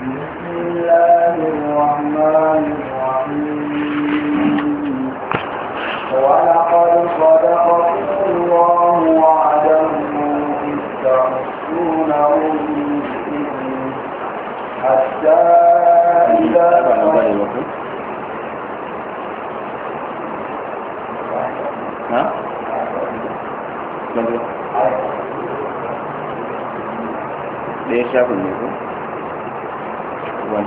بسم الله الرحمن الرحيم ولقد صدقكم الله وعده إذ تحسونهم بإذنه حتى إذا ها؟ ليش يا ابني؟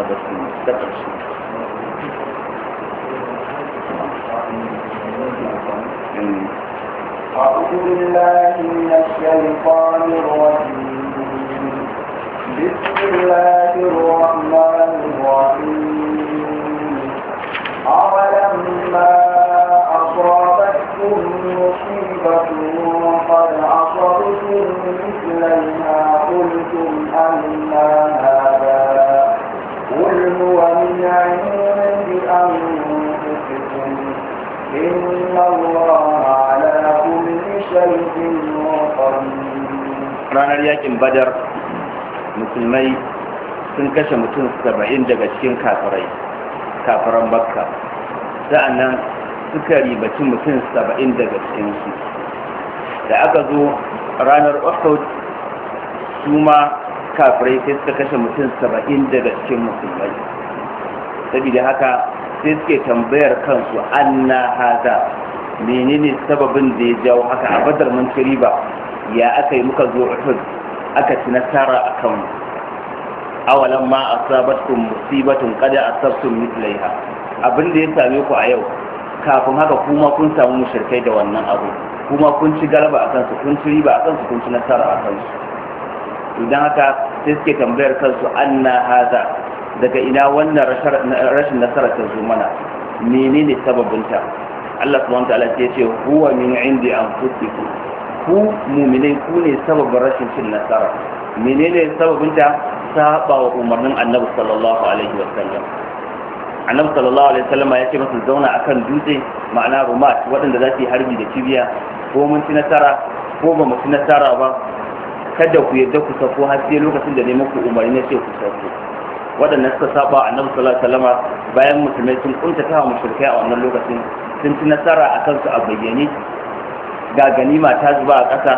ba su da ƙarshe أعوذ بالله من الشيطان الرجيم بسم الله الرحمن الرحيم أولما أصابتكم مصيبة قد أصبتم مثلها قلتم أنا أنفسكم إن الله على كل شيء قدير ranar yakin badar musulmai sun kashe mutum saba'in daga cikin kafirai kafiran bakka sa'annan suka ribaci mutum saba'in daga cikinsu da aka zo ranar uhud su ma kafirai sai suka kashe mutum saba'in daga cikin musulmai saboda haka sai suke tambayar kansu anna hada menene sababin da ya jawo haka a badar mun ba ya aka yi muka zo uhud aka ci nasara a kan awalan ma a sabatun musibatun a sabtun mislaiha abin da ya same ku a yau kafin haka kuma kun samu mushirkai da wannan abu kuma kun ci galaba a kansu kun ci riba a kansu kun ci nasara a kansu idan haka sai suke tambayar kansu na haza daga ina wannan rashin nasarar ta zo mana menene sababinta Allah subhanahu wataala ya ce huwa min indi anfusikum ku mu'minai ku ne sababin rashin cin nasara menene sababinta saba wa umarnin Annabi sallallahu alaihi wasallam Annabi sallallahu alaihi wasallam ya ce musu zauna akan dutse ma'ana rumat waɗanda za su yi harbi da kibiya ko mun ci nasara ko ba mu ci nasara ba kada ku yarda ku sako har sai lokacin da ne muku umarni ya ce ku sako Waɗannan suka saba a nan sallallahu alaihi wasallam bayan musulmai sun kunta ta mushrikai a wannan lokacin sun ci nasara a kansu a bayyane ga ganima ta zuba a ƙasa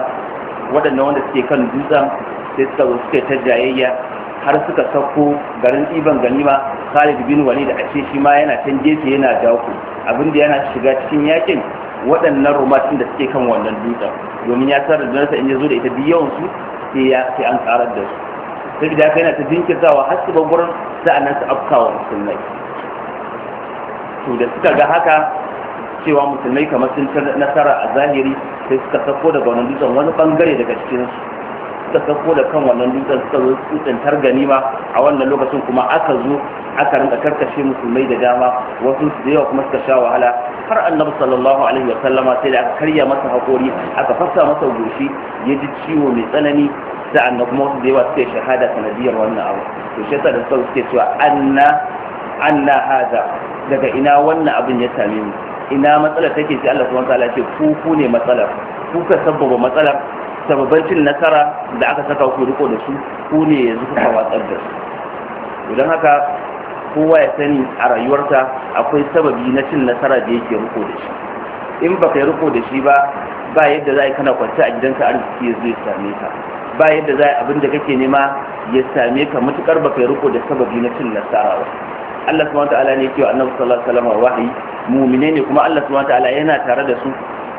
waɗannan wanda suke kan dutsen sai suka zo suke ta jayayya har suka sauko garin ɗiban ganima Khalid bin Walid a ce shi ma yana can gefe yana abin da yana shiga cikin yakin waɗannan rumatin da suke kan wannan dutsen domin ya sarar da nasa in ya zo da ita yawansu sai ya sai an karar da su sai da na ta jinkirtawa har su gurin sa'annan su afkawa musulmai to da suka ga haka cewa musulmai kamar sun nasara a zahiri sai suka sako daga wani dutsen wani bangare daga cikin su suka sauko da kan wannan dutsen suka zo dutsen targanima a wannan lokacin kuma aka zo aka rinka karkashe musulmai da dama wasu da yawa kuma suka sha wahala har annabi sallallahu alaihi wa sallama sai da aka karya masa hakori aka fasa masa goshi ya ji ciwo mai tsanani sa'an da kuma wasu da yawa suke shahada sanadiyar wannan abu to shi yasa da suke cewa anna anna hada daga ina wannan abin ya same mu ina matsalar take sai Allah subhanahu wataala ce ku ku ne matsalar ku ka sabbaba matsalar sababbin cin nasara da aka saka ku riko da su ku ne yanzu kuka watsar da su don haka kowa ya sani a rayuwarsa akwai sababi na cin nasara da yake riko da shi in baka yi riko da shi ba ba yadda za a yi kana kwance a gidanka arziki ya zo ya same ka ba yadda za a yi abin da kake nema ya same ka matukar baka yi riko da sababi na cin nasara ba Allah subhanahu wa ta'ala ne yake wa annabi sallallahu alaihi sallam wahayi mu'mine ne kuma Allah subhanahu wa ta'ala yana tare da su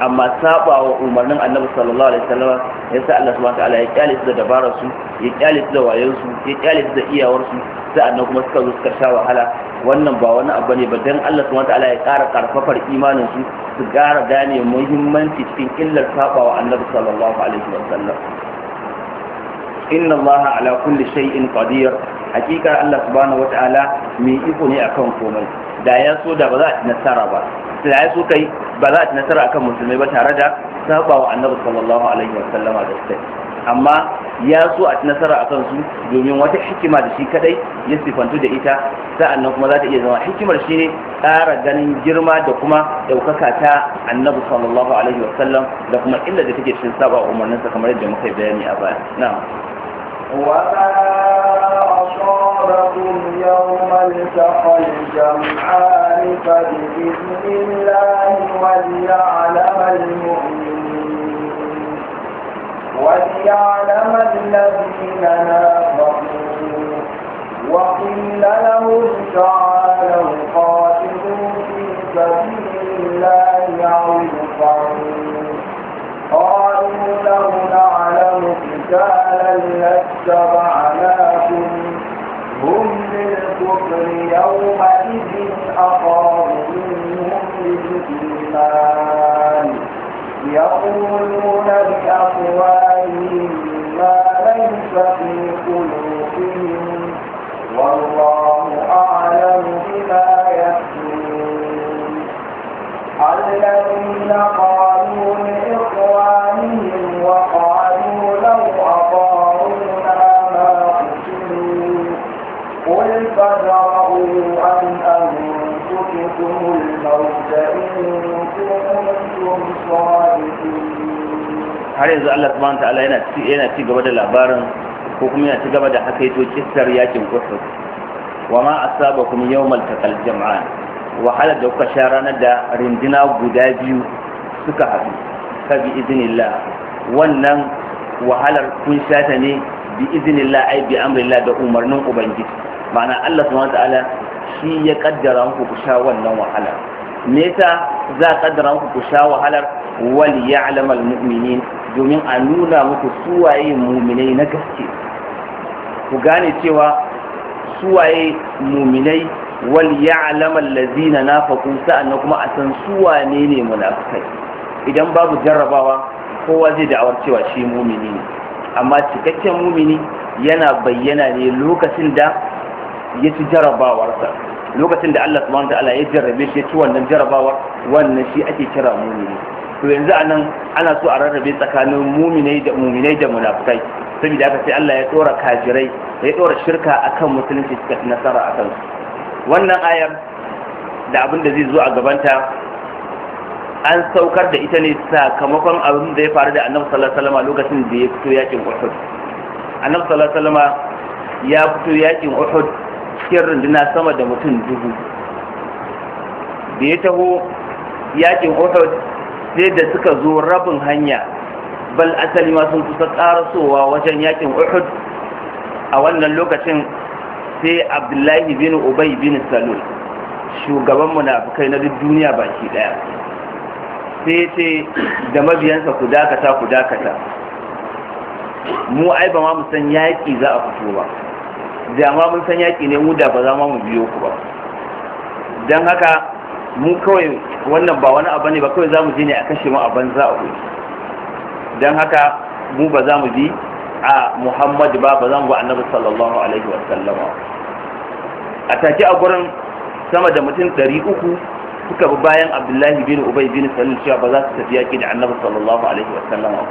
amma saba wa umarnin annabi sallallahu alaihi wasallam ya sa Allah subhanahu wataala ya kyale su da dabarar su ya kyale su da wayon su ya kyale su da iyawar su sa'annan kuma suka zo suka sha wahala wannan ba wani abu ne ba dan Allah subhanahu wataala ya ƙara karfafar imanin su su ƙara gane muhimmanci cikin illar saba wa annabi sallallahu alaihi wasallam inna Allah ala kulli shay'in qadir hakika Allah subhanahu wata'ala mai iko ne akan komai da ya so da ba za a ci nasara ba da ya so kai ba za a ci nasara akan musulmai ba tare da saba wa annabi sallallahu alaihi wa sallama da sai amma ya so a ci nasara akan su domin wata hikima da shi kadai ya sifantu da ita sa'annan kuma za ta iya zama hikimar shi ne ƙara ganin girma da kuma ɗaukaka ta annabi sallallahu alaihi wa sallam da kuma illa da take cikin saba umarninsa kamar yadda muka bayani a baya na'am وما أصابكم يوم التقى الجمعان فبإذن الله وليعلم وليعلم الذين نافقوا وقيل لهم قتالا لاتبعناكم هم للكفر يومئذ أقرب منهم للإيمان يقولون بأقوالهم ما ليس في قلوبهم والله أعلم بما يكتمون الذين قالوا har yanzu Allah subhanahu ta'ala yana ci yana ci gaba da labarin ko kuma yana ci gaba da yato kissar yakin Uhud wa ma asabakum yawmal taqal jam'an wahala da kuka sha ranar da rindina guda biyu suka haɗu ka bi iznillah wannan wahalar kun sha ta ne bi iznillah ai bi amrillah da umarnin ubangiji ma'ana Allah subhanahu ta'ala shi ya kaddara muku ku sha wannan wahala nesa za a kaddara muku ku sha wahalar wal ya'lam al mu'minin domin a nuna muku suwaye mu'minai na gaske ku gane cewa suwaye mu'minai wal ya'lam allazina nafaqu sa'annan kuma a san suwane ne munafikai idan babu jarrabawa kowa zai da'awar cewa shi mu'mini ne amma cikakken mu'mini yana bayyana ne lokacin da ya ci jarrabawarsa lokacin da Allah subhanahu ta'ala ya jarrabe shi ci wannan jarrabawar wannan shi ake kira mumini to yanzu anan ana so a rarrabe tsakanin muminai da muminai da munafikai saboda haka sai Allah ya tsora kajirai, ya tsora shirka akan musulunci suka nasara akan su wannan ayar da abin da zai zo a gabanta an saukar da ita ne sakamakon abin da ya faru da annabi sallallahu alaihi wasallam lokacin da ya fito yakin Uhud annabi sallallahu alaihi wasallam ya fito yakin Uhud cikin runduna sama da mutum dubu da ya taho yakin uhud sai da suka zo rabin hanya bal asali ma sun kusa karasowa wajen yakin uhud a wannan lokacin sai abdullahi bin ubay bin salul shugaban munafukai na duk duniya baki daya sai ce da mabiyansa ku dakata ku dakata mu ai ba ma mu san yaki za a fito ba da ma mun san yaƙi ne mu da ba za ma mu biyo ku ba don haka mu kawai wannan ba wani abu ne ba kawai za mu je ne a kashe mu a banza a kuri don haka mu ba za mu bi a muhammadu ba ba za mu ba annabi sallallahu alaihi wa sallama a take a gurin sama da mutum ɗari uku suka bi bayan abdullahi bin ubay bin salul cewa ba za su tafi yaƙi da annabi sallallahu alaihi wa sallama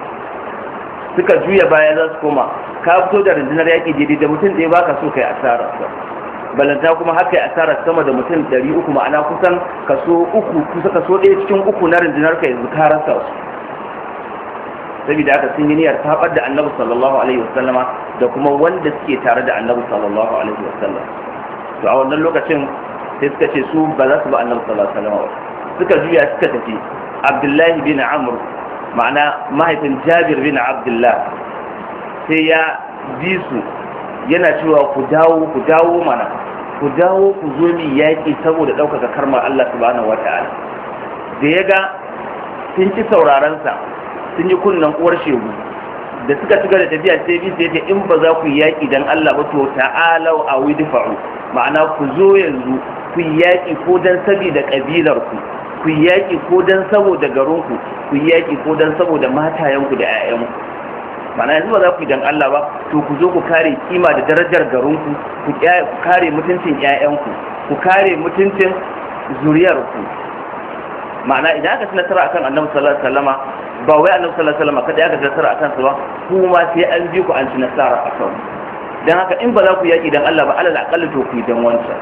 suka juya baya za su koma ka fito da rundunar yaƙi daidai da mutum ɗaya baka so kai asara balanta kuma haka ya asara sama da mutum ɗari uku ma'ana kusan kaso uku kusa kaso ɗaya cikin uku na rundunar ka yanzu ka rasa su saboda haka sun yi niyyar tabar da annabi sallallahu alaihi wasallama da kuma wanda suke tare da annabi sallallahu alaihi wasallam to a wannan lokacin sai suka ce su ba za su ba annabi sallallahu alaihi wasallama suka juya suka tafi abdullahi bin amr ma'ana mahaifin jabir bin abdullah sai ya bi su yana cewa ku dawo ku dawo mana ku dawo ku zo ni yaƙi saboda ɗaukaka karmar Allah subhanahu wata'ala da ya ga sun ci sauraron sun yi kunnen uwar shegu da suka shiga da tafiya sai bi sai ta in ba za ku yi yaƙi dan Allah ba to ta'alau a widfa'u ma'ana ku zo yanzu ku yi yaƙi ko dan saboda kabilar ku ku yi yaƙi ko dan saboda garinku ku yi yaƙi ko dan saboda matayenku da 'ya'yanku mana yanzu ba za ku yi dan Allah ba to ku zo ku kare kima da darajar garinku ku kare mutuncin ƴaƴanku ku kare mutuncin zuriyarku ma'ana idan aka ci nasara akan annabi sallallahu alaihi wasallama ba wai annabi sallallahu alaihi wasallama kada aka ci nasara akan su ba kuma sai an bi ku an ci nasara akan dan haka in ba za ku yaki dan Allah ba alal aqalla to ku yi dan wancan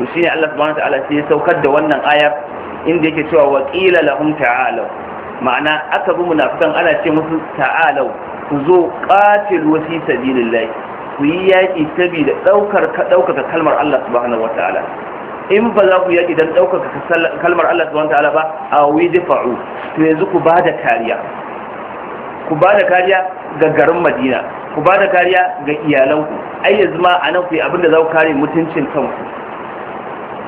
to shine Allah subhanahu wa ta'ala sai ya saukar da wannan ayar inda yake cewa wa qila lahum ta'alu ma'ana aka bi munafikan ana ce musu ta'alau ku zo qatil wasi sabilillah ku yi yaki saboda daukar daukar kalmar Allah subhanahu wataala in ba za ku yi yaki dan daukaka kalmar Allah subhanahu wataala ba a difa'u to yanzu ku bada kariya ku bada kariya ga garin Madina ku bada kariya ga iyalanku ai yanzu ma anan ku yi abinda za ku kare mutuncin kanku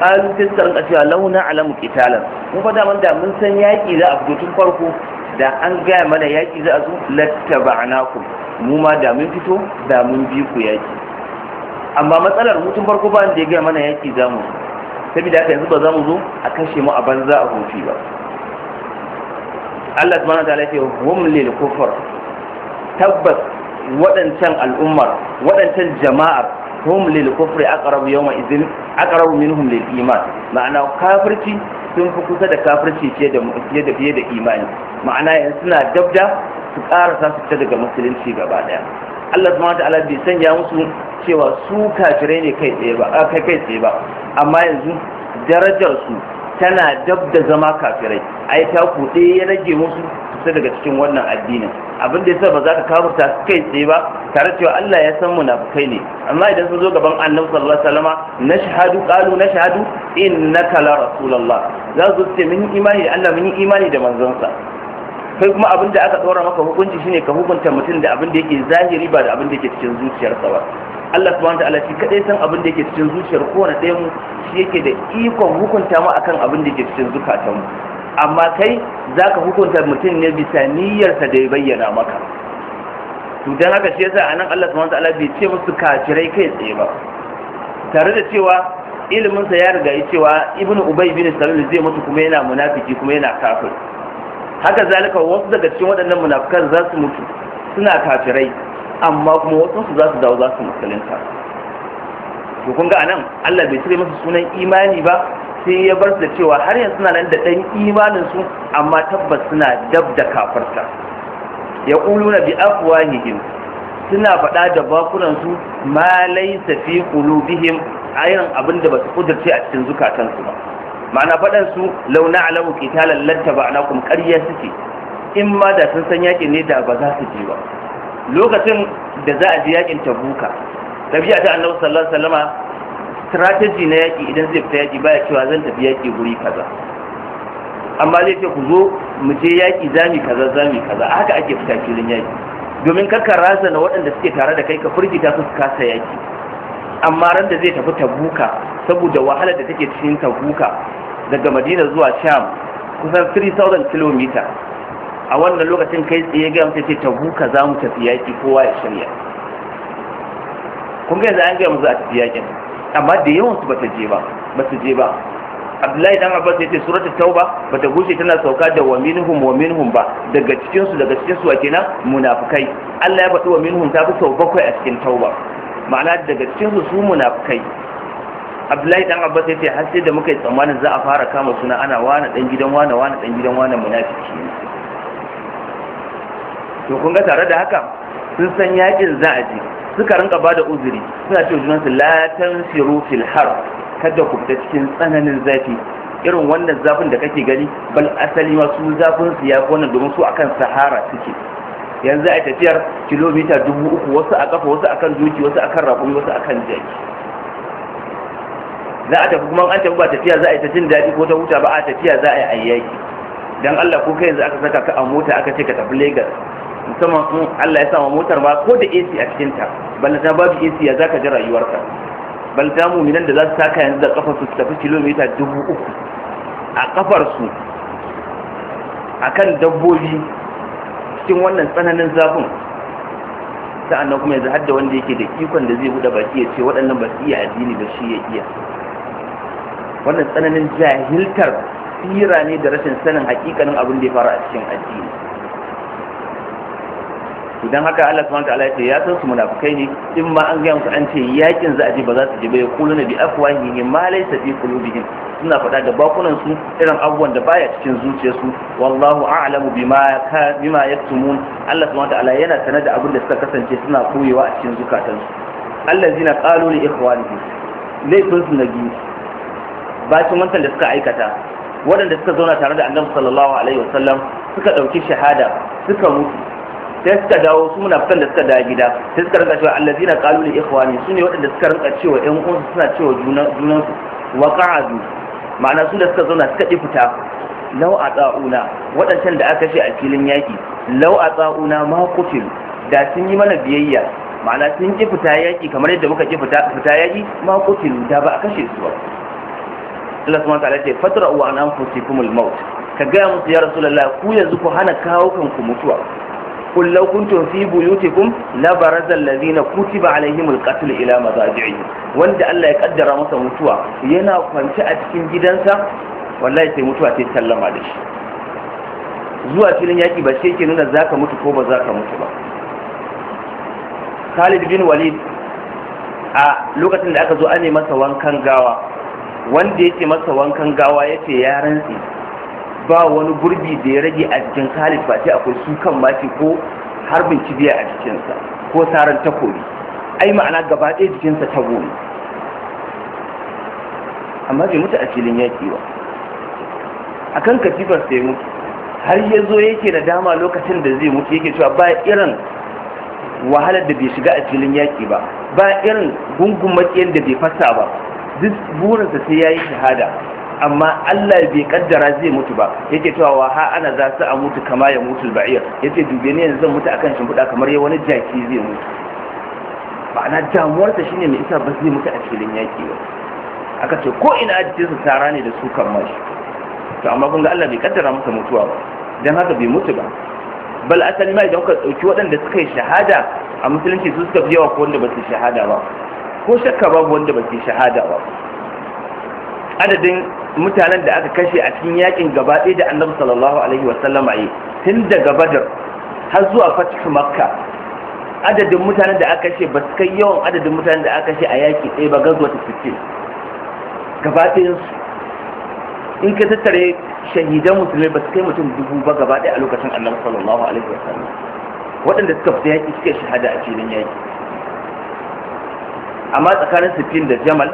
qalu tisran a cewa launa alamu kitalan mun fa man da mun san yaki za a fito tun farko da an gaya mana yaki za a zo lattaba'nakum mu ma da mun fito da mun bi ku yaki amma matsalar mutum farko ba da ya gaya mana yaki za mu saboda haka yanzu ba za mu zo a kashe mu a banza a hofi ba Allah subhanahu wa ta'ala ya ce hum lil kufar tabbas waɗancan al'ummar waɗancan jama'ar hum lil kufri aqrabu yawma idhin aqrabu minhum lil iman ma'ana kafirci sun fi kusa da kafirci fiye da da fiye da imani ma'ana yanzu suna dabda su karasa su fita daga musulunci gaba daya Allah subhanahu wataala bai sanya musu cewa su kafirai ne kai tsaye ba kai kai tsaye ba amma yanzu darajar su tana dabda zama kafirai ai ta kuɗe ya rage musu sai daga cikin wannan addinin abin da yasa ba za ka kafurta kai tsaye ba tare cewa Allah ya san munafikai ne amma idan sun zo gaban Annabi sallallahu alaihi wasallama nashhadu qalu nashhadu innaka la rasulullah za su ce mun imani da Allah mun imani da manzon sa kai kuma abin da aka tsora maka hukunci shine ka hukunta mutum da abin da yake zahiri ba da abin da yake cikin zuciyarsa ba Allah subhanahu ta'ala shi kadai san abin da yake cikin zuciyar kowane ɗaya mu shi yake da ikon hukunta mu akan abin da yake cikin mu amma kai za ka hukunta mutum ne bisa niyyarsa da ya bayyana maka don haka shi yasa nan Allah su wataala alabi ce musu kafirai kai tsaye ba tare da cewa iliminsa ya riga cewa Ibn ubai bin salul zai mutu kuma yana munafiki kuma yana kafir haka zalika wasu daga cikin waɗannan munafikan za su mutu suna kafirai amma kuma wasu su za su dawo za su musulunta to kun ga anan Allah bai cire masa sunan imani ba sai ya bar da cewa har yanzu suna nan da ɗan su amma tabbas suna dab da kafarta ya ƙulu na bi'afuwanihim suna faɗa da bakunansu ma laisa fi qulubihim ayin abin da ba su kudurce a cikin zukatansu ba ma'ana faɗan su launa alamu qitalan lattaba anakum ƙarya suke in ma da sun san yakin ne da ba za su ji ba lokacin da za a ji yakin tabuka tabiya ta annabi sallallahu alaihi wasallama strategy na yaƙi idan zai fita yaƙi baya cewa zan tafi yaƙi guri kaza amma zai ce ku zo mu je yaƙi zami kaza zami kaza a haka ake fita filin yaƙi domin ka rasa na waɗanda suke tare da kai ka firgita su kasa yaƙi amma ran da zai tafi tabuka saboda wahalar da take cikin tabuka daga madina zuwa sham kusan 3000 km a wannan lokacin kai tsaye ga mutum ce tabuka za mu tafi yaƙi kowa ya shirya kun ga yanzu an gaya mu za a tafi yaƙin amma da yawan su bata je ba bata je ba abdullahi dan abbas yace suratul tauba bata gushe tana sauka da waminhum waminhum ba daga cikin su daga cikin su kenan munafikai Allah ya faɗi waminhum ta fi sau bakwai a cikin tauba ma'ana daga cikin su su munafikai abdullahi dan abbas yace har sai da muka yi tsammanin za a fara kama suna ana wani dan gidan wani wani dan gidan wani munafiki to kun ga tare da haka sun san yakin za a je suka rinka bada uzuri suna ce su la siru fil har kada ku fita cikin tsananin zafi irin wannan zafin da kake gani bal asali ma su zafin su ya wannan domin su akan sahara suke yanzu a tafiyar kilomita dubu uku wasu a kafa wasu akan doki wasu akan raƙumi wasu akan jaki za a tafi kuma an tafi ba tafiya za a yi ta jin daɗi ko ta huta ba a tafiya za a yi ayyaki don allah ko kai yanzu aka saka ka a mota aka ce ka tafi Legas musamman in Allah ya sama motar ba ko da AC a cikin ta ta babu AC ya zaka ji rayuwarka mu minan da za su taka yanzu da kafar su tafi kilomita dubu uku a kafar su akan dabbobi cikin wannan tsananin zafin sa'annan kuma yanzu hadda wanda yake da ikon da zai buɗe baki ya ce waɗannan ba su iya addini da shi ya iya wannan tsananin jahiltar tsira ne da rashin sanin hakikanin abin da ya faru a cikin addini Idan haka Allah subhanahu wataala ya ce ya san su munafikai ne in ma an gaya musu an ce yakin za a ji ba za su je ba ya na bi afwahihim ma laysa fi qulubihim suna faɗa da bakunan su irin abubuwan da baya cikin zuciyarsu wallahu a'lamu bima ka bima yaktumun Allah subhanahu ta'ala yana sanar da abin da suka kasance suna koyewa a cikin zukatansu allazina qalu li ikhwanihim laysa sun na ba su wancan da suka aikata waɗanda suka zauna tare da annabi sallallahu alaihi wasallam suka ɗauki shahada suka mutu sai suka dawo su munafikan da suka dawo gida sai suka rinka cewa allazina qalu li ikhwani sune waɗanda suka rinka cewa ƴan uwansu suna cewa junan su wa qa'adu ma'ana su da suka zauna suka ɗi fita law ata'una waɗancan da aka ce a filin yaƙi law ata'una ma kutil da sun yi mana biyayya ma'ana sun ki fita yaƙi kamar yadda muka ki fita yaƙi ma kutil da ba a kashe su ba Allah subhanahu wa ta'ala ce fatra wa anfusikumul maut ka ga musu ya rasulullahi ku yanzu ku hana kawo kanku mutuwa qul law kuntum na buyutikum la na kuti ba alaihimul qatl ila mazaji'i wanda Allah ya kaddara masa mutuwa yana kwance a cikin gidansa wallahi sai mutuwa sai sallama da shi zuwa filin yaki ba shi ke nuna ka mutu ko ba ka mutu ba Khalid bin Walid a lokacin da aka zo ne masa wankan gawa wanda yake masa wankan gawa yace ya rantsi ba wani gurbi da ya rage a jikin khalid ba sai akwai sukan maki ko harbin cibiya a jikinsa ko saran takobi ai ma'ana gaba ɗaya jikinsa ta goma amma bai mutu a filin yaƙi ba a kan katifar sai mutu har ya zo yake da dama lokacin da zai mutu yake cewa ba irin wahalar da bai shiga a filin yaƙi ba ba irin gungun matsayar da bai fasa ba duk burinsa sai ya yi shahada amma Allah bai kaddara zai mutu ba yake cewa wa ha ana za su a mutu kama ya mutu ba'ir yace dube ne yanzu zan mutu akan shimfiɗa kamar ya wani jaki zai mutu ma'ana ta shine mai isa ba zai mutu a filin yaki ba aka ce ko ina su tara ne da su kan mashi to amma kun ga Allah bai kaddara masa mutuwa ba dan haka bai mutu ba bal asali ma idan ka dauki waɗanda suka yi shahada a musulunci su suka fi yawa ko wanda ba su shahada ba ko shakka babu wanda ba su shahada ba adadin mutanen da aka kashe a cikin yakin gaba ɗaya da annabi sallallahu alaihi wasallama yi tun daga badar har zuwa fatihu makka adadin mutanen da aka kashe ba su kai yawan adadin mutanen da aka kashe a yaki ɗaya ba gazuwa ta fice gaba su in ka tattare shahidan musulmai ba su kai mutum dubu ba gaba ɗaya a lokacin annabi sallallahu alaihi wasallam waɗanda suka fita yaki suka shahada a filin yaki amma tsakanin sifin da jamal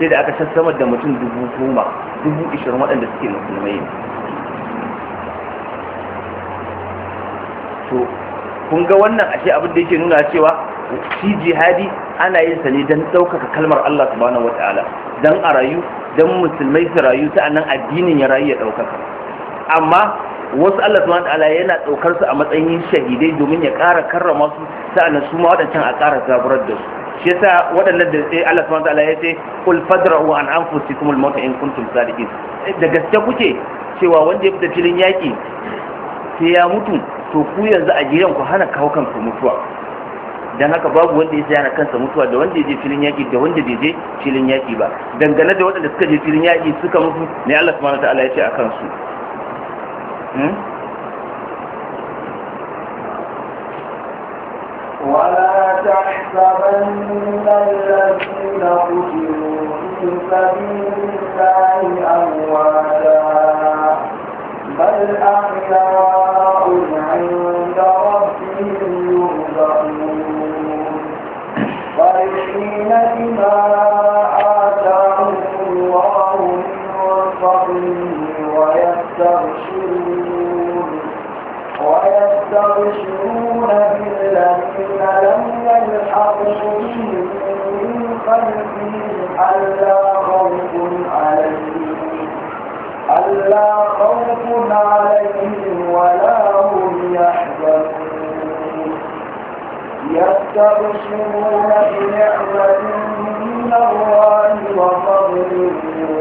sai da aka sassamar da mutum dubu goma dubu ishirin waɗanda suke musulmai ne to kun ga wannan ashe abin da yake nuna cewa shi jihadi ana yin sa ne don ɗaukaka kalmar Allah subhanahu wata'ala don a rayu don musulmai su rayu sa'annan addinin ya rayu ya ɗaukaka amma wasu Allah subhanahu wata'ala yana ɗaukar su a matsayin shahidai domin ya ƙara karrama su sa'annan su ma waɗancan a ƙara zaburar da su shi yasa waɗannan da sai Allah subhanahu wataala ya ce kul fadra'u an anfusikum al-maut in kuntum sadiqin eh, da gaske kuke cewa wanda ya fita filin yaki sai ya mutu to ku yanzu a gidan ku hana kawo kanku mutuwa dan haka babu wanda ya tsaya kansa mutuwa da wanda ya je filin yaki da wanda bai je filin yaki ba dangane da waɗanda suka je filin yaki suka mutu ne Allah subhanahu wataala ya ce akan su hmm? ولا تحسبن الذين قتلوا في سبيل الله أمواتا بل أحياء عند ربهم يرزقون فرحين بما آتاهم الله من فضله ويستبشرون ويستبشرون بالذين خائفين من خلفهم ألا خوف عليهم ألا خوف عليهم ولا هم يحزنون بنعمة من الله وفضل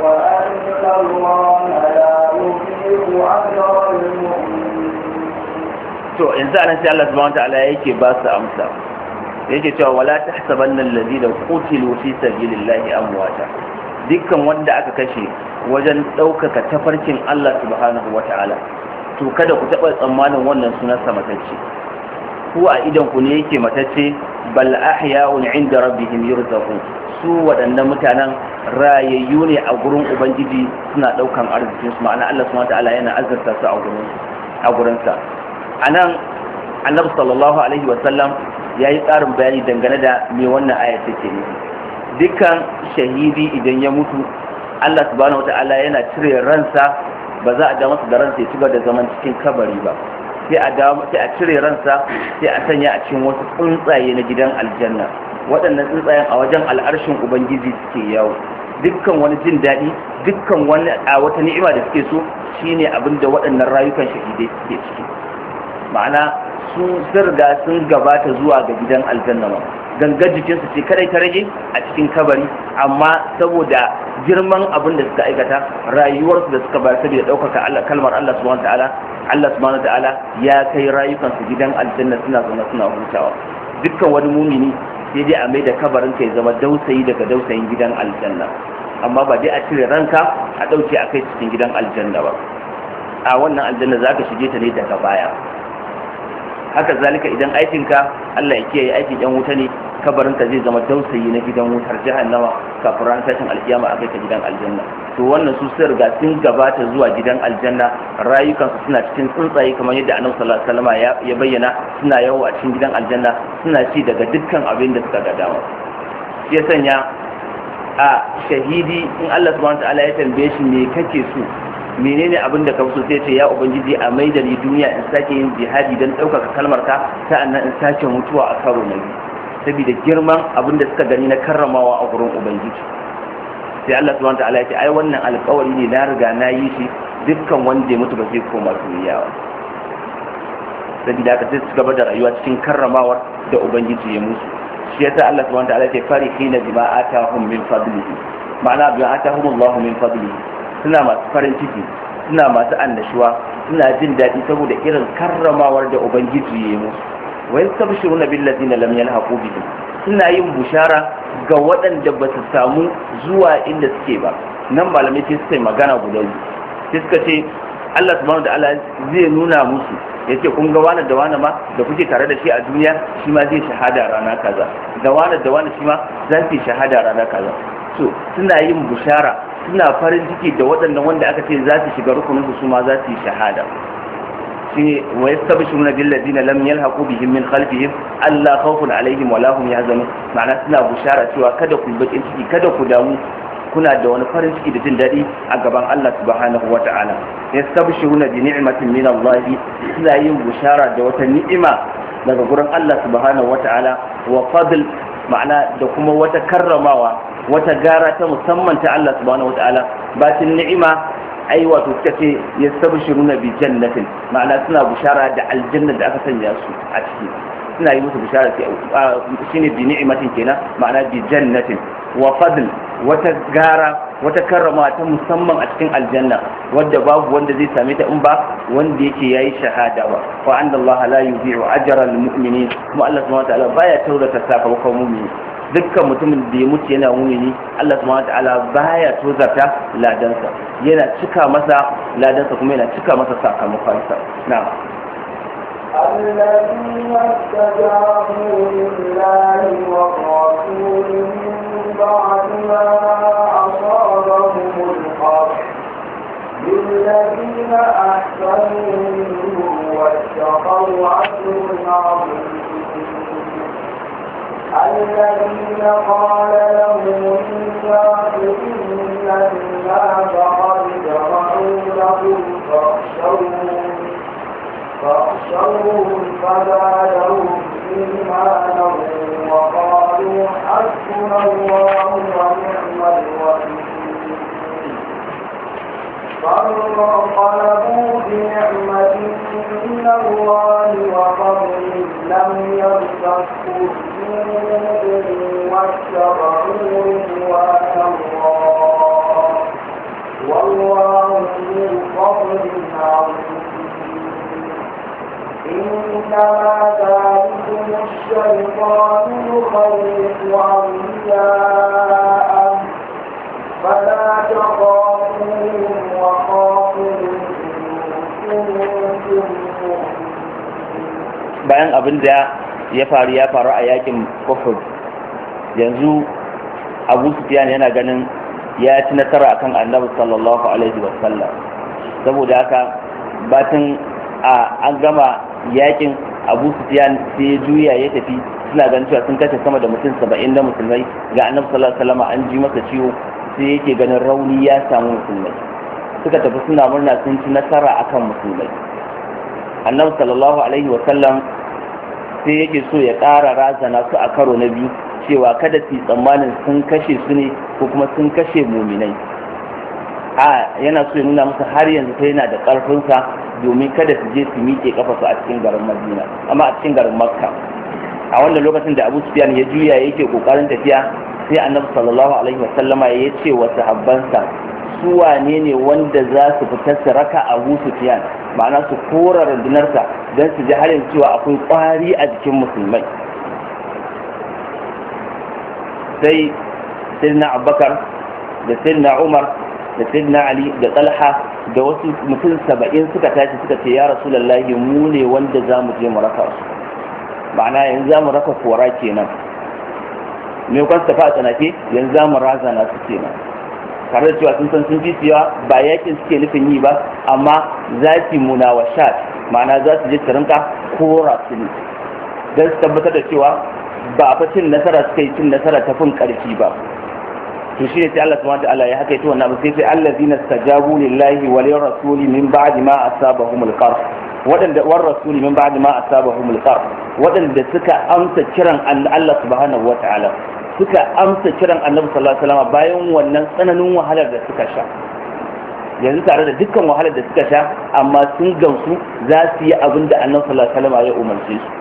وأن الله لا يضيع أجر المؤمنين. تو إنسان الله سبحانه وتعالى يكي yake cewa wala ta tahsabanna alladhina qutilu fi sabilillahi amwata dukkan wanda aka kashe wajen ɗaukaka tafarkin Allah subhanahu wa ta'ala, to kada ku taɓa tsammanin wannan sunan sa matacce ku a idan ku ne yake matacce bal ahya'un 'inda rabbihim yurzaqun su waɗannan mutanen rayayyu ne a gurin ubangiji suna ɗaukan arzikin su ma'ana Allah subhanahu ta'ala yana azurta su a gurin a gurin sa anan annabi sallallahu alaihi wa sallam. ya yi tsarin bayani dangane da me wannan aya take ne dukkan shahidi idan ya mutu Allah subhanahu wata'ala yana cire ransa ba za a da masa da ransa ya ci da zaman cikin kabari ba sai a cire ransa sai a sanya a cikin wasu tsuntsaye na gidan aljanna waɗannan tsuntsayen a wajen al'arshin ubangiji suke yawo dukkan wani jin daɗi dukkan wani a wata ni'ima da suke so shine abin da waɗannan rayukan shahidai suke ciki ma'ana sun riga sun gabata zuwa ga gidan aljanna ma gangar jikinsu ce kadai ta rage a cikin kabari amma saboda girman abin da suka aikata rayuwarsu da suka bayar saboda ɗaukaka Allah kalmar Allah subhanahu ta'ala Allah subhanahu ta'ala ya kai rayukansu gidan aljanna suna zama suna hutawa dukkan wani mumini sai dai a mai da kabarin ka ya zama dausayi daga dausayin gidan aljanna amma ba dai a cire ranka a ɗauke a kai cikin gidan aljanna ba a wannan aljanna za ka shige ta ne daga baya haka zalika idan aikinka Allah ya kiyaye aikin yan wuta ne kabarinka zai zama dausayi na gidan wutar jahannama kafin ran tashin alkiyama a kai ka gidan aljanna to wannan su sai riga sun gabata zuwa gidan aljanna rayukansu suna cikin tsuntsaye kamar yadda annabi sallallahu alaihi wasallam ya bayyana suna yawo a cikin gidan aljanna suna ci daga dukkan abin da suka ga dama ya sanya a shahidi in Allah subhanahu wa ta'ala ya tambaye shi me kake so menene abin da ka sai ce ya ubangiji a mai duniya in sake yin jihadi don ɗaukaka kalmar ka sa'annan in sake mutuwa a karo na biyu saboda girman abin da suka gani na karramawa a gurin ubangiji sai Allah subhanahu ta'ala ya ce ai wannan alƙawari ne na riga na yi shi dukkan wanda ya mutu ba zai koma duniya ba saboda haka sai su gaba da rayuwa cikin karramawar da ubangiji ya musu shi yasa Allah subhanahu ta'ala ya ce na bima atahum min fadlihi ma'ana bima atahum Allah min fadlihi suna masu farin ciki suna masu annashuwa suna jin daɗi saboda irin karramawar da ubangiji ya yi musu wa yastabshiruna billazina lam yalhaqu bihim suna yin bushara ga waɗanda ba su samu zuwa inda suke ba nan malamai ce suka yi magana guda biyu sai suka ce Allah subhanahu da Allah zai nuna musu ya ce kun ga wani da wani ma da kuke tare da shi a duniya shi ma zai shahada rana kaza da wani da wani shi ma za su yi shahada rana kaza so suna yin bushara suna farin ciki da waɗannan wanda aka ce za su shiga rukunin su ma za su yi shahada shine wa yastabshiruna bil ladina lam yalhaqu bihim min khalfihim Allah khawfun alaihim walahum ya yahzanun ma'ana suna bushara cewa kada ku bakin ciki kada ku damu kuna da wani farin ciki da jin daɗi a gaban Allah subhanahu wa ta'ala bi min Allah suna yin bushara da wata ni'ima daga gurin Allah subhanahu wa ta'ala wa fadl ma'ana da kuma wata karramawa wata gara ta musamman ta Allah subhanahu wata'ala bacin ni'ima ai wato suka ce ya na bi jannatin ma'ana suna bushara da aljanna da aka sanya su a ciki suna yi musu bushara ne bi ni'imatin kenan ma'ana bi jannatin wa fadl wata gara wata karrama ta musamman a cikin aljanna wadda babu wanda zai same ta in ba wanda yake yayi shahada ba fa anna allaha la yudhi'u ajra kuma allah subhanahu wa ta'ala baya taurata sakamakon mu'mini dukkan mutumin da ya mutu yana mumini Allah subhanahu baya tozarta ladansa yana cika masa ladansa kuma yana cika masa sakamakonsa na'am الذين استجابوا لله ورسوله بعد ما أحسنوا منهم واتقوا عدل عظيم الذين قال لهم الناس إن الناس قد جمعوا لهم فاخشوهم فاحشرهم فلا ايمانهم وقالوا حسبنا الله ونعم الوكيل فانقلبوا بنعمة من الله وفضل لم يرتقوا سوء واتبعوا رضوان الله والله ذو فضل عظيم bayan abin da ya faru ya faru a yakin kofar yanzu abu sufyan yana ganin ya ci nasara akan annabi sallallahu alaihi wasallam saboda haka batun a an gama yakin abu fiya sai ya juya ya tafi suna ganin cewa sun kashe sama da mutum saba'in na musulmai ga annabi sallallahu alaihi wasallam an ji masa ciwo sai yake ganin rauni ya samu musulmai suka tafi suna murna sun ci nasara akan musulmai annabi sallallahu alaihi wasallam sai yake so ya ƙara razana su a karo na biyu cewa kada su tsammanin sun kashe su ne ko kuma sun kashe muminai a yana so ya nuna musu har yanzu ta yana da ƙarfinsa domin kada su je su miƙe kafa su a cikin garin madina amma a cikin garin makka a wannan lokacin da abu sufiyan ya juya yake ƙoƙarin tafiya sai annabi sallallahu alaihi wasallama ya ce wa sahabbansa su wane ne wanda za su fita su raka abu sufiyan ma'ana su kora rundunarsa don su ji har yanzu cewa akwai ƙwari a jikin musulmai sai na abubakar da sai na umar da sayyidina ali da talha da wasu mutum saba'in suka tashi suka ce ya lallahi, mu ne wanda za mu je mu raka su ma'ana yanzu za mu raka kora kenan me kwan tafa a tsanake yanzu za mu raza na su kenan tare da cewa sun san sun ji cewa ba yakin suke nufin yi ba amma za su muna wa shat ma'ana za su je su rinka kora su ne don su tabbatar da cewa ba a fa cin nasara suka yi cin nasara ta fin ƙarfi ba to shi ne sai Allah subhanahu wa ta'ala ya haka ita wannan abu sai sai allazina stajabu lillahi wal rasuli min ba'di ma asabahum al wadanda war rasuli min ba'di ma asabahum al wadanda suka amsa kiran Allah subhanahu wa ta'ala suka amsa kiran Annabi sallallahu alaihi wasallam bayan wannan tsananin wahalar da suka sha yanzu tare da dukkan wahalar da suka sha amma sun gamsu za su yi abin da Annabi sallallahu alaihi wasallam ya umarce su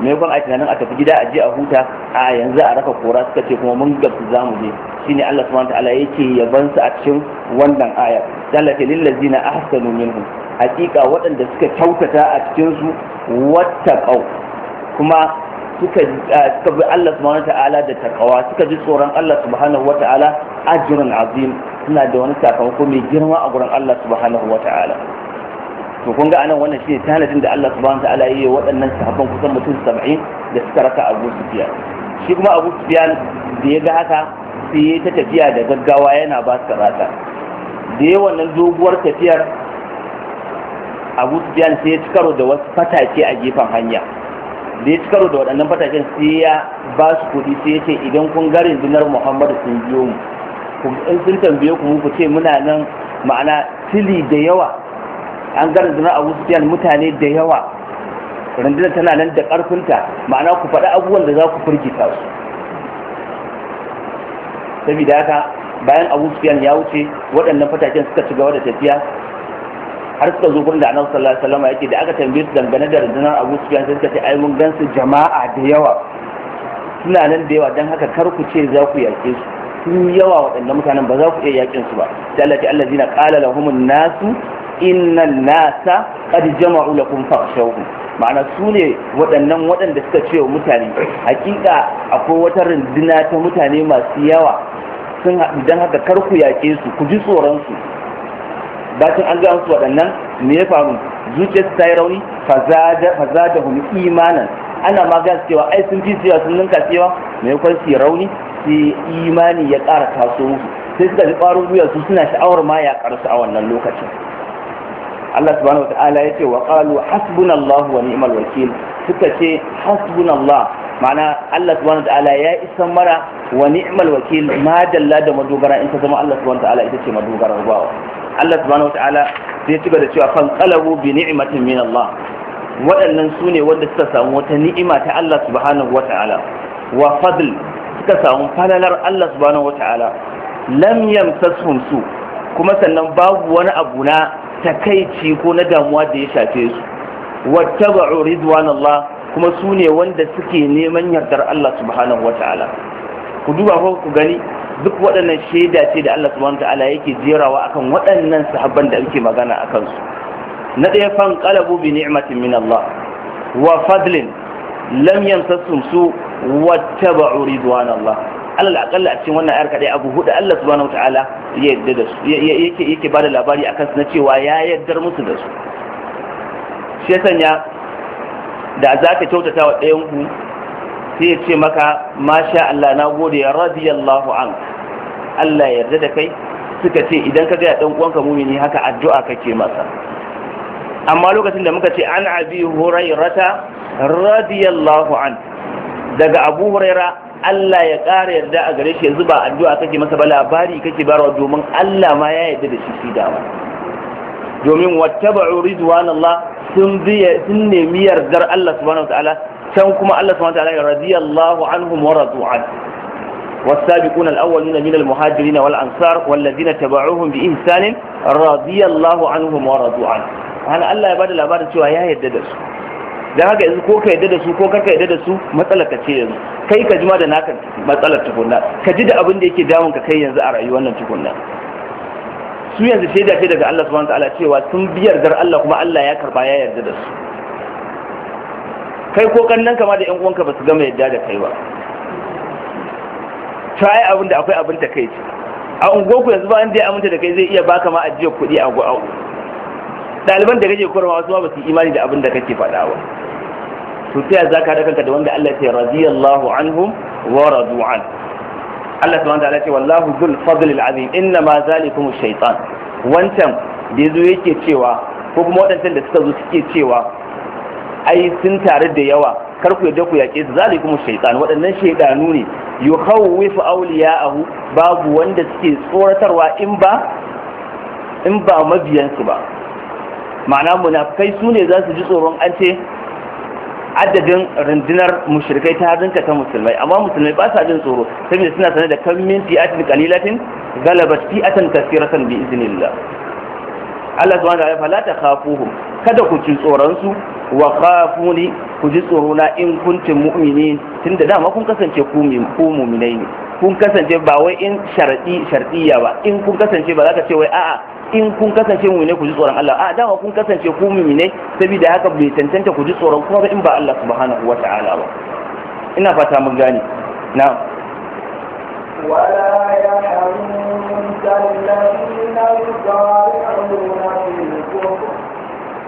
Mai maimakon a tunanin a tafi gida a je a huta a yanzu a raka kora suka ce kuma mun gamsu za mu je shine Allah subhanahu wataala yake yaban su a cikin wannan aya Allah ke lillazina ahsanu minhum hakika waɗanda suka kyautata a cikin su wattaqau kuma suka suka bi Allah subhanahu ta'ala da takawa suka ji tsoron Allah subhanahu wataala ajrun azim suna da wani sakamako mai girma a gurin Allah subhanahu wataala to kun ga anan wannan shine tanadin da Allah subhanahu ta'ala yayi waɗannan sahabban kusan mutum 70 da suka raka Abu Sufyan shi kuma Abu Sufyan da ya ga haka sai ya ta tafiya da gaggawa yana ba su karata da ya wannan doguwar tafiyar Abu Sufyan sai ya ci da wasu fatake a gefen hanya da ya ci da waɗannan fataken sai ya ba su kuɗi sai ya ce idan kun garin dinar Muhammadu sun biyo mu in sun tambaye ku mu ku ce muna nan ma'ana tili da yawa an garzana abu sufiyan mutane da yawa rundunar tana nan da ƙarfinta ma'ana ku faɗi abubuwan da za ku firgita su saboda haka bayan abu sufiyan ya wuce waɗannan fataken suka ci gaba da tafiya har suka zo gurin da annabi sallallahu alaihi wasallam yake da aka tambaye su dangane da rundunar abu sufiyan sai suka ce ai mun gan jama'a da yawa suna nan da yawa don haka kar ku ce za ku yaƙe su sun yawa waɗannan mutanen ba za ku iya yaƙin su ba sai Allah ce Allah zina qala lahumun nasu innan nasa qad jama'u lakum fakhshawhum ma'ana su ne waɗannan waɗanda suka ce wa mutane hakika akwai wata runduna ta mutane masu yawa sun haɗu dan haka kar ku yaƙe su ku ji tsoron su bacin an gaya su waɗannan me ya faru zuciyar su ta rauni fazada hum imanan ana ma ga cewa ai sun fi cewa sun ninka cewa me kwan su rauni sai imani ya ƙara taso musu sai suka ji ƙwaro gwiwa su suna sha'awar ma ya ƙarsu a wannan lokacin Allah subhanahu wataala yace wa qalu hasbunallahu wa ni'mal wakil suka ce hasbunallah ma'ana Allah subhanahu wataala ya isa mara wa ni'mal wakil ma dalla da madogara in ta zama Allah subhanahu wataala ita ce madogara ba Allah subhanahu wataala sai ya tuba da cewa fan qalabu bi ni'matin min Allah waɗannan su ne wanda suka samu wata ni'ima ta Allah subhanahu wataala wa fadl suka samu falalar Allah subhanahu wataala lam yamsashum su kuma sannan babu wani abu na takaici ko na damuwa da ya shafe su wattaba'u Allah kuma su ne wanda suke neman yardar Allah subhanahu wa ta'ala. ku duba ko ku gani duk waɗannan shaida ce da Allah subhanahu wa ta'ala yake jerawa akan waɗannan sahabban da ake magana a kansu na ɗaya fan qalabu bi ni'matin min Allah wa fadlin lam yamsasum su wattaba'u Allah alal akalla a cikin wannan ayar kadai abu hudu Allah subhanahu wataala ya yarda da su yake yake bada labari akan su na cewa ya yarda musu da su shi sanya da zaka kyautata wa ɗayan ku sai ya ce maka masha Allah na gode ya radiyallahu an Allah ya yarda da kai suka ce idan ka ga dan uwanka mumini haka addu'a kake masa amma lokacin da muka ce an abi hurairata radiyallahu an daga abu huraira Allah ya ƙara yarda a gare shi yanzu ba addu'a kake masa ba labari kake barwa domin Allah ma ya yarda da shi shi dawa domin wattaba'u ridwanallah sun biya sun nemi yardar Allah subhanahu wataala san kuma Allah subhanahu wataala ya radiyallahu anhum wa radu an والسابقون الأولين من المهاجرين والأنصار والذين تبعوهم بإحسان رضي الله عنهم ورضوا عنه هذا الله يبادل أبادل شو هي يددس don haka yanzu ko ka yadda da su ko kar ka yadda da su matsalar ka ce yanzu kai ka jima da naka matsalar tukunna ka ji da abin da yake damun ka kai yanzu a rayuwar nan tukunna su yanzu shaida ce daga Allah subhanahu ta'ala cewa sun bi yardar Allah kuma Allah ya karba ya yarda da su kai ko kannan kama da yan uwanka ba su gama yadda da kai ba try abin da akwai abin ta kai ce a ku yanzu ba an da ya aminta da kai zai iya baka ma ajiyar kuɗi a ɗaliban da kake korama wasu ba su imani da abin da kake faɗa ba to ta za ka kanka da wanda Allah ya ce radiyallahu anhum wa radu an Allah subhanahu wa ta'ala ce wallahu dhul fadl al azim inna ma zalikum shaytan wancan da yazo yake cewa ko kuma wadannan da suka zo suke cewa ai sun tare da yawa kar ku yadda ku yake su zalikum shaytan wadannan shaydanu ne yukhawwifu awliya'ahu babu wanda suke tsoratarwa in ba in ba mabiyansu ba ma'ana munafikai su ne za su ji tsoron an ce adadin rundunar mushrikai ta rinka ta musulmai amma musulmai ba sa jin tsoro saboda suna sanar da kan fi'atin kalilatin galabat fi'atan kasiratan bi iznillah Allah subhanahu wa ta'ala ta khafuhu kada ku ci tsoron su wa khafuni ku ji tsoro na in kuntum mu'minin tunda dama kun kasance ku mu'minai ne kun kasance ba wai in sharadi shardiya ba in kun kasance ba za ka ce wai a'a in kun kasance mu ne ku ji tsoron Allah a dama kun kasance ku mu ne saboda haka bai tantance ku ji tsoron kuma in ba Allah subhanahu wa ta'ala ba ina fata mun gane na'am ولا يحمد الذين يسارعون في الكفر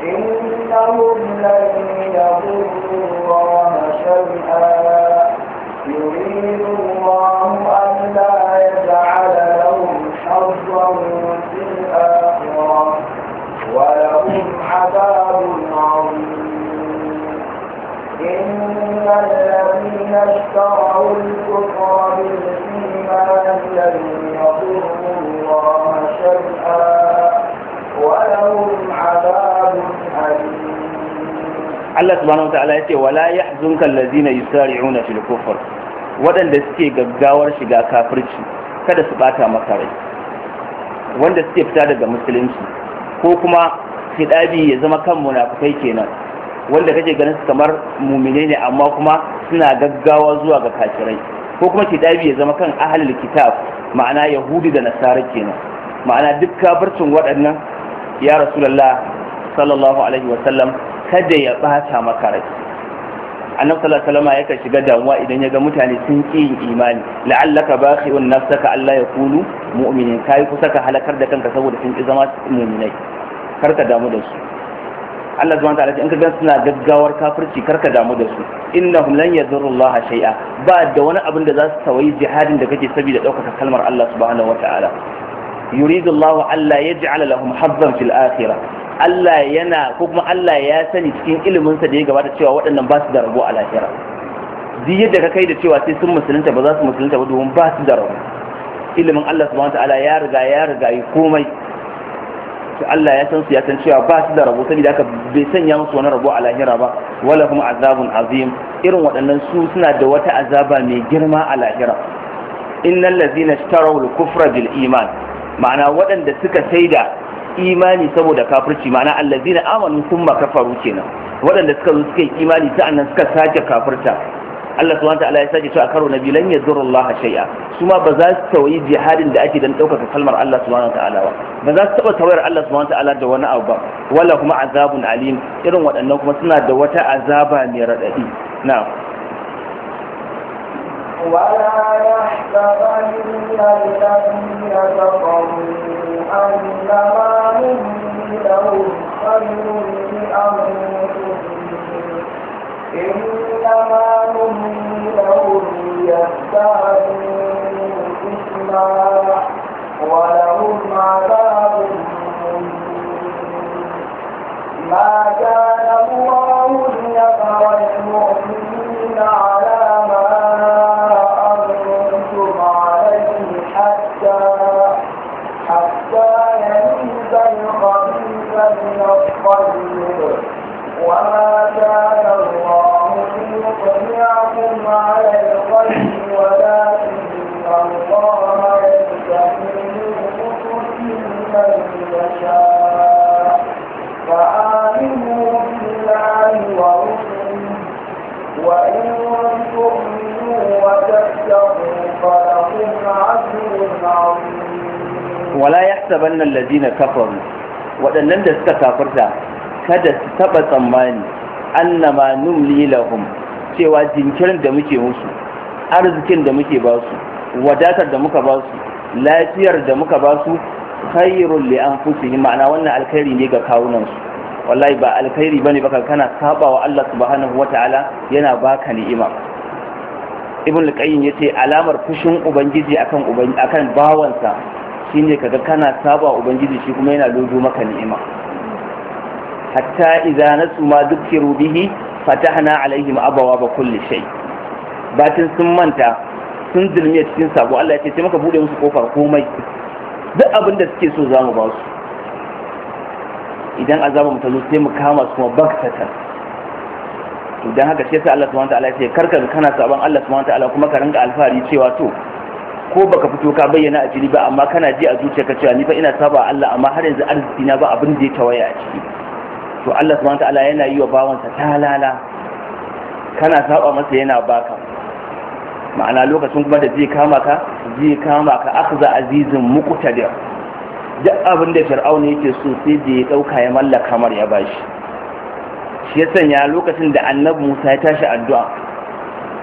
إنهم لن يضروا الله شيئا يريد الله أن لا حظا في الآخرة ولهم عذاب عظيم إن الذين Allah subhanahu wataala ya ce wala yahzunka Waɗanda suke gaggawar shiga kafirci kada su ɓata maka rai wanda suke fita daga musulunci ko kuma hidabi ya zama kan munafikai kenan wanda kake ganin su kamar mumine ne amma kuma suna gaggawa zuwa ga kafirai ko kuma hidabi ya zama kan ahlul kitab ma'ana yahudi da nasara kenan ma'ana duk kafircin waɗannan ya rasulullah sallallahu alaihi wasallam kada ya bata maka rai annabi sallallahu alaihi wasallam yakan shiga damuwa idan ya ga mutane sun ki yin imani la'allaka baqi'un nafsaka ya kulu mu'minin kai kusa ka halakar da kanka saboda sun ki zama mu'minai karka damu da su Allah zuwa wataala in ka gan suna gaggawar kafirci karka damu da su innahum lan yadurrullaha shai'a ba da wani abin da za su tawayi jihadin da kake saboda ɗaukaka kalmar Allah subhanahu wataala yuridu Allah Allah ya ja'ala lahum hazzan fil akhirah Allah yana kuma Allah ya sani cikin ilimin da ya gabata cewa waɗannan ba su da rabo a lahira duk ka kai da cewa sai sun musulunta ba za su musulunta ba domin da rabo ilimin Allah ya riga ya komai to Allah ya san su ya san da rabo bai sanya musu rabo a lahira ba irin waɗannan su suna da wata azaba mai girma a lahira innal ladzina kufra bil iman ma'ana waɗanda suka da imani saboda kafirci ma'ana allazina amanu thumma kafaru kenan waɗanda suka zo suka yi imani sa'annan suka sake kafirta Allah subhanahu ta'ala ya sake cewa karo nabi lan yadurullah shay'a su ma ba za su tawayi jihadin da ake dan ɗaukaka kalmar Allah subhanahu ta'ala ba ba za su taba tawayar Allah subhanahu ta'ala da wani abu ba wala kuma azabun alim irin waɗannan kuma suna da wata azaba mai raɗaɗi na'am ولا يحسبن الذين كفروا أنما نملي لهم خير لأنفسهم إنما نملي لهم ليزدادوا إثما ولهم عذاب ما كان الله ليذر المؤمنين على wala ya yahsabanna allazina kafaru waɗannan da suka kafarta kada su taɓa tsammani annama numli lahum cewa jinkirin da muke musu arzikin da muke ba su wadatar da muka ba su lafiyar da muka ba su khairul li yi ma'ana wannan alkhairi ne ga kawunan wallahi ba alkhairi bane baka kana wa Allah subhanahu wataala yana baka ni'ima ibn al-qayyim yace alamar fushin ubangiji akan bawansa ne kaga kana saba ubangiji shi kuma yana lodo maka ni'ima hatta idza nasu ma dhukiru bihi fatahna alaihim abwaaba kulli shay batin sun manta sun zulmiya cikin sabo Allah ya ce sai muka bude musu kofar komai duk abin da suke so zamu ba su idan azaba mu ta zo sai mu kama su kuma baktatan idan haka sai Allah subhanahu wataala ya ce karka kana saban Allah subhanahu ta'ala kuma ka rinka alfahari cewa to ko baka fito ka bayyana a jini ba amma kana ji a zuciya ka cewa ni fa ina saba Allah amma har yanzu arziki na ba abin da ya tawaya a ciki to Allah subhanahu ta'ala yana yi wa bawansa talala kana saba masa yana baka ma'ana lokacin kuma da zai kama ka zai kama ka akhza azizun muqtadir duk abin da fir'auna yake so sai da ya dauka ya mallaka mar ya bashi shi ya sanya lokacin da annabi Musa ya tashi addu'a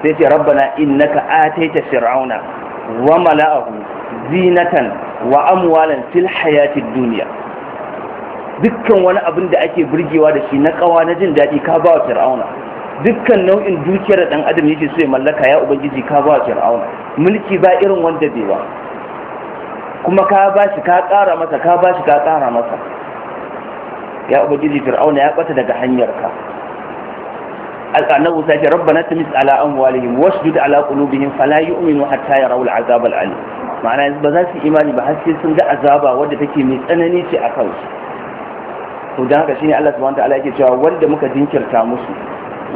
sai ce rabbana innaka ataita fir'auna wa mala'ahu zinatan wa amwalan fil hayatid dunya dukkan wani abin da ake burgewa da shi na kawa na jin daɗi ka ba wa fir'auna dukkan nau'in dukiyar dan adam yake so ya mallaka ya ubangiji ka ba wa fir'auna mulki ba irin wanda bai ba kuma ka ba shi ka ƙara masa ka ba shi ka ƙara masa ya ubangiji fir'auna ya ɓata daga hanyarka annabu sai ce rabbana tamis ala amwalihim wasjud ala qulubihim fala yu'minu hatta yarawu al'azab al'ali ma'ana yanzu ba za su imani ba har sai sun ga azaba wanda take mai tsanani ce a kansu to dan haka shine Allah subhanahu wa ta'ala yake cewa wanda muka jinkirta musu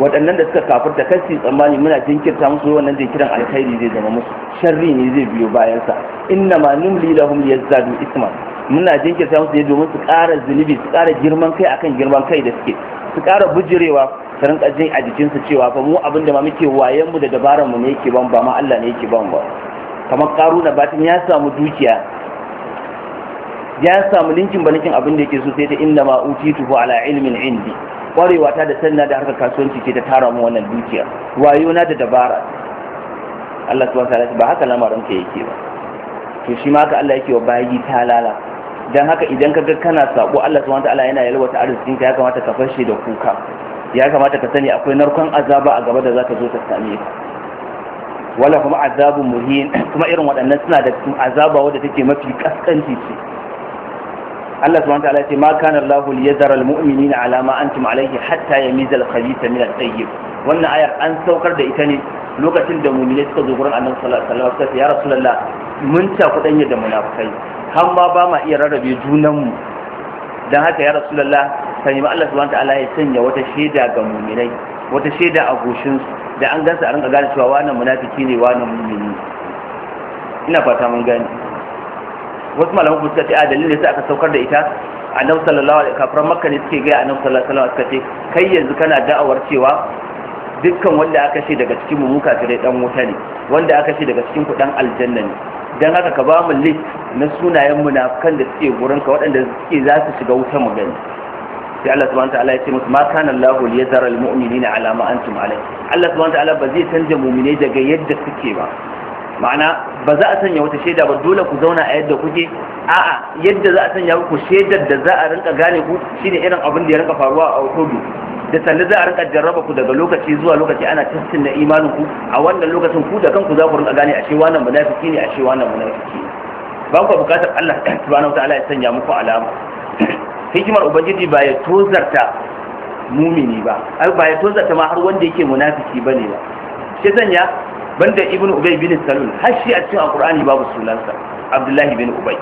waɗannan da suka kafirta kan su tsammani muna jinkirta musu wannan kiran alkhairi zai zama musu sharri ne zai biyo bayansa inna ma numli lahum yazdadu isma muna jinkirta musu ne domin su ƙara zunubi su ƙara girman kai akan girman kai da suke su ƙara bujirewa su rinka jin a jikinsu cewa fa mu abin da ma muke wayen mu da dabaran mu ne yake ban ba ma Allah ne yake ban ba kamar karuna batun ya samu dukiya ya samu linkin ba abin da yake so sai ta inda ma utitu ala ilmin indi kwarewa ta da sanna da harkar kasuwanci ce ta tara mu wannan dukiya wayo na da dabara Allah subhanahu wa ta'ala ba haka lamarin ka yake ba to shi ma ka Allah yake wa bayi ta lalata dan haka idan ka ga kana sako Allah subhanahu wataala yana yalwata arzikin ka ya kamata ka fashe da kuka ya kamata ka sani akwai narkon azaba a gaba da za zaka zo ta same ka wala kuma azabun muhin kuma irin waɗannan suna da azaba wadda take mafi kaskanci ce Allah subhanahu wataala ce ma kana Allahu liyadhara almu'minina ala ma antum alayhi hatta yamiza alkhabitha min at-tayyib wannan ayar an saukar da ita ne lokacin da mu'minai suka zo gurin Annabi sallallahu alaihi wasallam ya Rasulullah mun ta kudan da munafikai har ma ba ma iya rarrabe junanmu don haka ya rasulullah kan yi Allah subhanahu ta'ala ya sanya wata shaida ga muminai wata shaida a goshinsu da an gansa a rinka gane cewa wannan munafiki ne wannan mumini ina fata mun gani wasu malamu suka ce a dalilin sai aka saukar da ita annabi sallallahu alaihi kafiran makka ne suke gaya annabi sallallahu alaihi wasallam suka ce kai yanzu kana da'awar cewa dukkan wanda aka ce daga cikin mu muka kare dan wuta ne wanda aka ce daga cikin ku dan aljanna ne Idan haka ka ba mu link na sunayen munafikan da suke gurin ka waɗanda suke za su shiga wuta mu gani sai Allah subhanahu ta'ala ya ce musu ma kana Allah li yazara al mu'minina ala ma antum alai Allah subhanahu ta'ala ba zai canja mu'mine daga yadda suke ba ma'ana ba za a sanya wata shaida ba dole ku zauna a yadda kuke a'a yadda za a sanya ku shaidar da za a rinka gane ku shine irin abin da ya rinka faruwa a Uhud da sannu za a rinka jarraba ku daga lokaci zuwa lokaci ana testin na imanin ku a wannan lokacin ku da kanku za ku rinka gane ce wannan munafiki ne ce wannan munafiki ne ba ku bukatar Allah subhanahu wataala ya sanya muku alama hikimar ubangiji ba ya tozarta mumini ba ba ya tozarta ma har wanda yake munafiki bane ba shi sanya banda ibn ubay bin salul har shi a cikin alqur'ani babu sunansa abdullahi bin ubay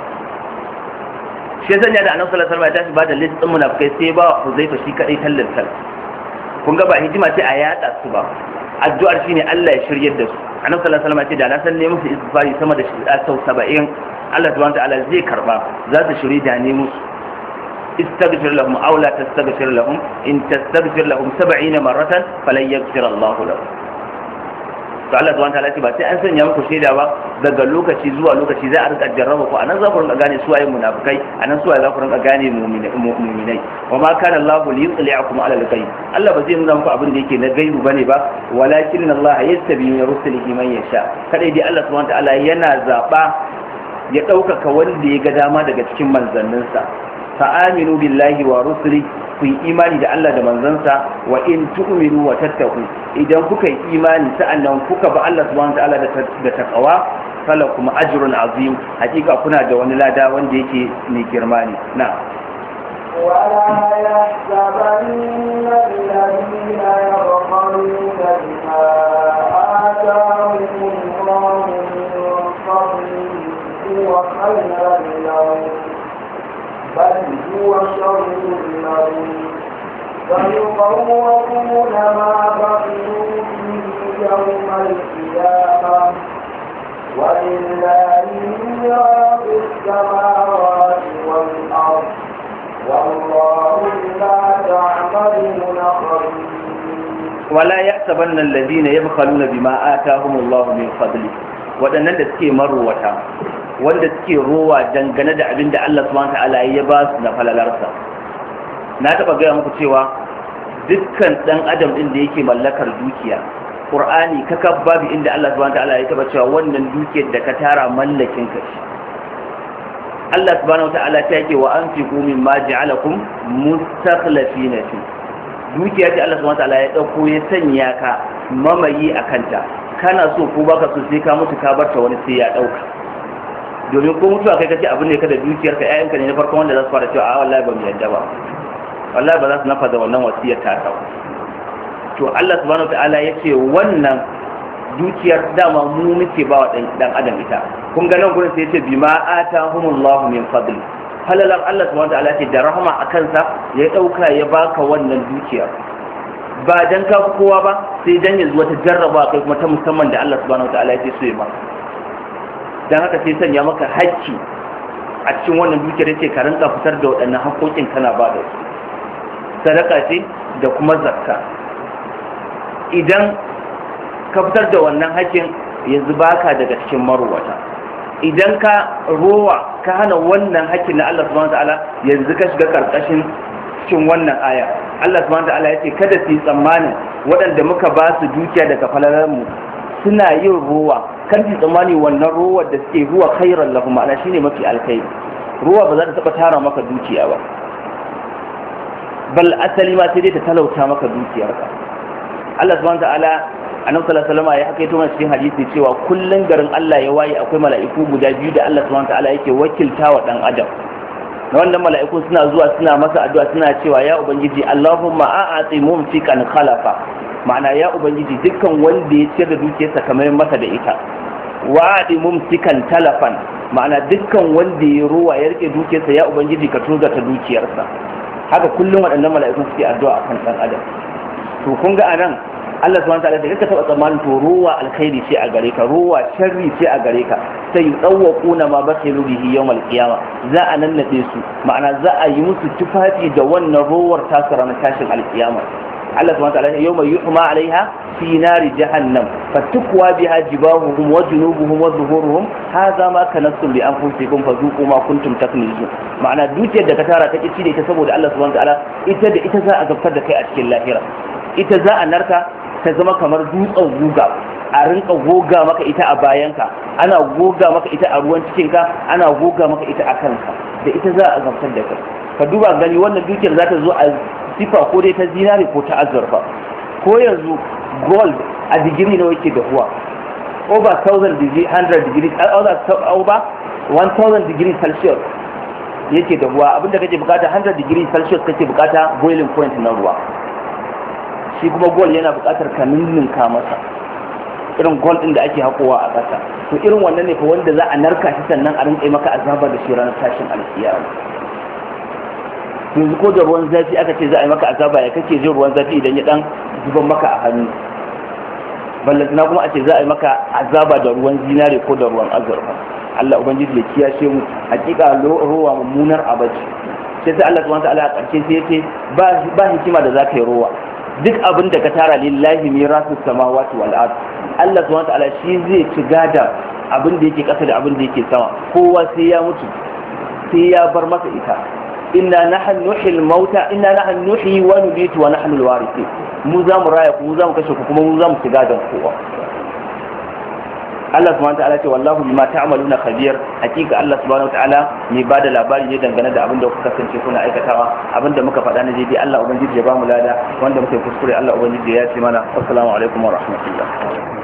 shi zanya da annabi sallallahu alaihi wasallam ya tashi ba da list din munafikai sai ba Huzaifa shi kadai tallantar kun gaba ba hikima ce a yada su ba addu'ar shine Allah ya shiryar da su annabi sallallahu alaihi wasallam ce da na san ne musu istighfari sama da shida sau 70 Allah subhanahu wataala zai karba za su shiri da ne musu istaghfir lahum aw la tastaghfir lahum in tastaghfir lahum 70 maratan falan yaghfir Allah lahum to Allah subhanahu wataala ce ba sai an sanya muku shaida ba daga lokaci zuwa lokaci za a rika jarraba ku anan za ku rinka gane suwaye munafikai anan suwaye za ku rinka gane mu'minai wa ma kana Allah li yutla'akum ala al-ghaib Allah ba zai nuna muku abin da yake na gaibu bane ba walakin Allah yastabi min rusulihi man yasha kada dai Allah subhanahu ta'ala yana zaba ya ɗaukaka wanda ya ga dama daga cikin manzanninsa fa'aminu billahi wa rusuri ku yi imani da Allah da manzansa wa in tu'minu wa tattaku idan kuka yi imani sa'annan kuka ba Allah subhanahu ta'ala da takawa fala kuma ajrun azim hakika kuna da wani lada wanda yake mai girma ne na ولا يحسبن الذين يبخلون بما آتاهم الله من فضله هو خيرا لهم بل هو شر مريض فيطوقون ما بقيوا به يوم القيامة ولله ميراث السماوات والأرض والله بما تعملون خبير ولا يحسبن الذين يبخلون بما آتاهم الله من فضله waɗannan da suke marowata wanda suke rowa dangane da abin da Allah subhanahu ala ya ba su na falalarsa na taɓa gaya muku cewa dukkan ɗan adam ɗin da yake mallakar dukiya ƙur'ani ka babu inda Allah subhanahu ta'ala ya taba cewa wannan dukiyar da ka tara mallakin ka ce Allah subhanahu ta'ala ta yake wa anfiqu mimma ja'alakum mustakhlifina fi dukiya ce Allah subhanahu ta'ala ya dauko ya sanya ka mamayi akanta kana so ko baka so sai ka mutu ka barta wani sai ya ɗauka. domin ko mutuwa kai kace abin ne kada dukiyar ka ƴaƴanka ne na farkon wanda za su fara cewa a ah, wallahi ba mu yadda ba wallahi ba za su nafa da wannan wasiyar ta ta to Allah subhanahu wataala yace wannan dukiyar dama mu muke ba wa dan adam ita kun ga nan gurin sai yace bima atahumullahu min fadli halalan Allah subhanahu wataala ce da rahama a kansa ya dauka ya baka wannan dukiyar ba dan ka kowa ba sai dan yanzu wata jarraba kai kuma ta musamman da Allah subhanahu wataala yake so ya ba don haka sai sanya maka hakki a cikin wannan dukiyar ce ka rinka fitar da waɗannan haƙoƙin kana ba da su sadaka ce da kuma zakka idan ka fitar da wannan hakkin yanzu baka daga cikin marwata idan ka rowa ka hana wannan hakkin na Allah subhanahu wataala yanzu ka shiga karkashin cikin wannan aya Allah subhanahu ya yace kada su yi tsammanin waɗanda muka ba su dukiya daga falalar mu suna yin ruwa kan ji tsammani wannan ruwa da suke ruwa khairan lahum ma'ana shine mafi alkhairi ruwa ba za ta taba tara maka dukiya ba bal asali ma sai dai ta talauta maka dukiyar ka. Allah subhanahu ta'ala annabi sallallahu alaihi wasallam ya hakaito mana cikin hadisi cewa kullun garin Allah ya waye akwai mala'iku guda biyu da Allah subhanahu ta'ala yake wakiltawa wa dan adam na wannan mala'iku suna zuwa suna masa addu'a suna cewa ya ubangiji Allahumma a'ati mumtikan khalafa ma'ana ya ubangiji dukkan wanda ya ciyar da dukiyarsa kamar masa da ita wa a'ti talafan ma'ana dukkan wanda ya ruwa ya rike dukiyarsa ya ubangiji ka tuga ta dukiyarsa haka kullum waɗannan mala'ikun suke addu'a kan dan adam to kun ga anan Allah subhanahu wataala daga ka taba tsammanin to ruwa alkhairi ce a gare ka ruwa sharri ce a gare ka sai yudawquna ma basiru bihi yawmal qiyama za a nannaɗe su ma'ana za a yi musu tufafi da wannan ruwar tasu na tashin alkiyama Allah subhanahu wataala yawma yuhma alaiha fi nari jahannam fatukwa biha jibahuhum wa junubuhum wa zuhuruhum hadha ma kanastum bi anfusikum fadhuqu ma kuntum taknizun ma'ana dukiyar da ka tara ta kici da ita saboda Allah subhanahu ita da ita za a gafar da kai a cikin lahira ita za a narka ta zama kamar dutsen guga a rinka goga maka ita a bayanka ana goga maka ita a ruwan cikinka ana goga maka ita a kanka da ita za a gamsar da kai ka duba gani wannan dukiyar za ta zo a sifa ko dai ta zinare ko ta azurfa ko yanzu gold a digiri nawa yake da huwa over 1000 degree 100 degree uh, over 1000 degree celsius yake da huwa abinda kake bukata 100 degree celsius kake bukata boiling point na ruwa shi kuma gol yana buƙatar ka ninninka masa irin gol ɗin da ake hakowa a ƙasa to irin wannan ne fa wanda za a narka shi sannan a rinƙa maka azaba da shi ranar tashin alƙiyama yanzu ko da ruwan zafi aka ce za a yi maka azaba ya kake jin ruwan zafi idan ya dan zuban maka a hannu ballantana kuma a ce za a yi maka azaba da ruwan zinare ko da ruwan azurfa Allah ubangiji ya kiyashe mu hakika ruwa mummunar abaci sai sai Allah subhanahu wa ta'ala a ƙarshe sai ya ce ba hikima da za ka yi ruwa duk abin da ka tara lillahi rasu sama wal al'adu, Allah su wata shi zai ci gada abin da yake kasa da abin da yake sama kowa sai ya mutu sai ya bar masa ita inna nahan nuhil mauta inna nahnu nuhyi wa nubitu wa nahnu al warithin mu za mu raya ku mu za mu kashe ku kuma mu za mu ci gadan kowa Allah subhanahu wataala ce wallahu bima ta'maluna khabir hakika Allah subhanahu ba da bada labari ne dangane da abin da kuka kasance kuna aikatawa abin da muka faɗa na daidai Allah ubangiji ya ba mu lada wanda muke kuskure Allah ubangiji ya ce mana assalamu alaikum wa rahmatullah